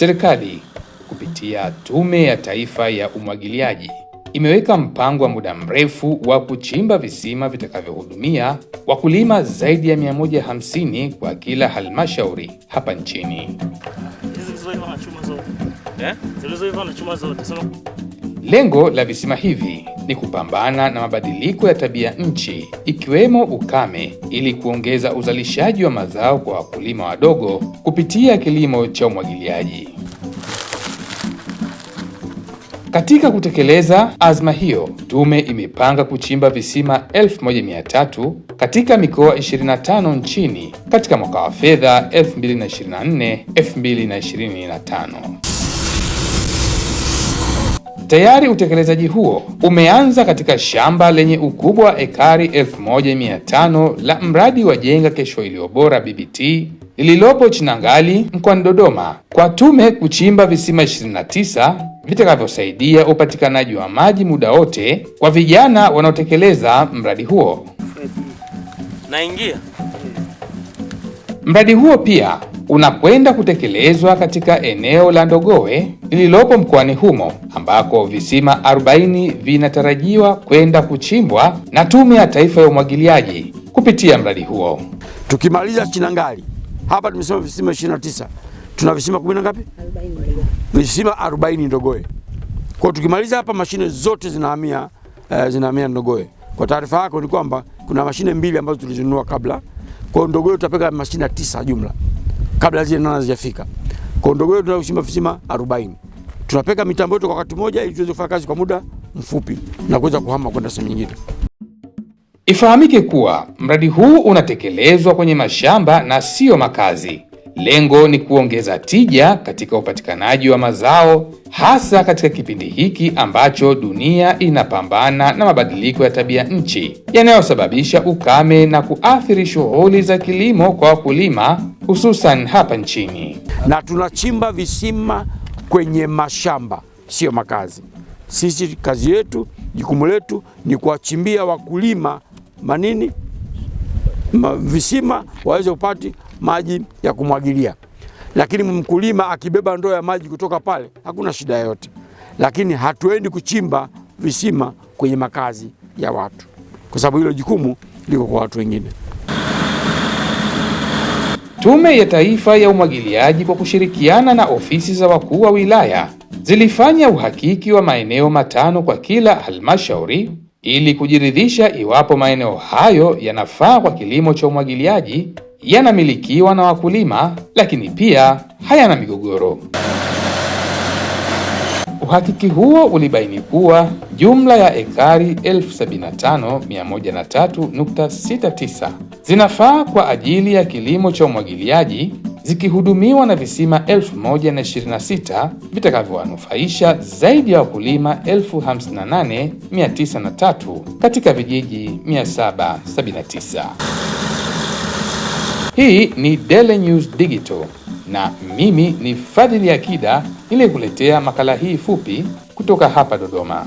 Serikali kupitia Tume ya Taifa ya Umwagiliaji imeweka mpango wa muda mrefu wa kuchimba visima vitakavyohudumia wakulima zaidi ya 150 kwa kila halmashauri hapa nchini. Lengo la visima hivi ni kupambana na mabadiliko ya tabia nchi ikiwemo ukame ili kuongeza uzalishaji wa mazao kwa wakulima wadogo kupitia kilimo cha umwagiliaji. Katika kutekeleza azma hiyo, tume imepanga kuchimba visima 1300 katika mikoa 25 nchini katika mwaka wa fedha 2024/2025. Tayari utekelezaji huo umeanza katika shamba lenye ukubwa wa ekari 1500 la mradi wa Jenga Kesho Iliyo Bora BBT lililopo Chinangali mkoani Dodoma kwa tume kuchimba visima 29 vitakavyosaidia upatikanaji wa maji muda wote kwa vijana wanaotekeleza mradi huo. Naingia. Mradi huo pia unakwenda kutekelezwa katika eneo la Ndogowe lililopo mkoani humo ambako visima 40 vinatarajiwa kwenda kuchimbwa na Tume ya Taifa ya Umwagiliaji kupitia mradi huo. Tukimaliza Chinangali hapa tumesema visima 29, tuna visima kumi na ngapi? 40. Visima 40 Ndogowe. Kwa tukimaliza hapa mashine zote zinahamia eh, zinahamia Ndogowe. Kwa taarifa yako ni kwamba kuna mashine mbili ambazo tulizinunua kabla. Kwa Ndogowe tutapeka mashine tisa jumla kabla zile nana zijafika. Kwa ndogo yetu tunachimba visima 40. Tunapeka mitambo yetu kwa wakati mmoja ili tuweze kufanya kazi kwa muda mfupi na kuweza kuhama kwenda sehemu nyingine. Ifahamike kuwa mradi huu unatekelezwa kwenye mashamba na siyo makazi. Lengo ni kuongeza tija katika upatikanaji wa mazao hasa katika kipindi hiki ambacho dunia inapambana na mabadiliko ya tabia nchi yanayosababisha ukame na kuathiri shughuli za kilimo kwa wakulima hususan hapa nchini, na tunachimba visima kwenye mashamba, siyo makazi. Sisi kazi yetu, jukumu letu ni kuwachimbia wakulima manini ma, visima waweze kupati maji ya kumwagilia, lakini mkulima akibeba ndoo ya maji kutoka pale hakuna shida yoyote, lakini hatuendi kuchimba visima kwenye makazi ya watu, kwa sababu hilo jukumu liko kwa watu wengine. Tume ya Taifa ya Umwagiliaji kwa kushirikiana na ofisi za wakuu wa wilaya zilifanya uhakiki wa maeneo matano kwa kila halmashauri ili kujiridhisha iwapo maeneo hayo yanafaa kwa kilimo cha umwagiliaji, yanamilikiwa na wakulima, lakini pia hayana migogoro. Uhakiki huo ulibaini kuwa jumla ya ekari 75103.69 zinafaa kwa ajili ya kilimo cha umwagiliaji zikihudumiwa na visima 1126 vitakavyowanufaisha zaidi ya wakulima 58903 katika vijiji 779. Hii ni Daily News Digital na mimi ni Fadhili Akida niliyekuletea makala hii fupi kutoka hapa Dodoma.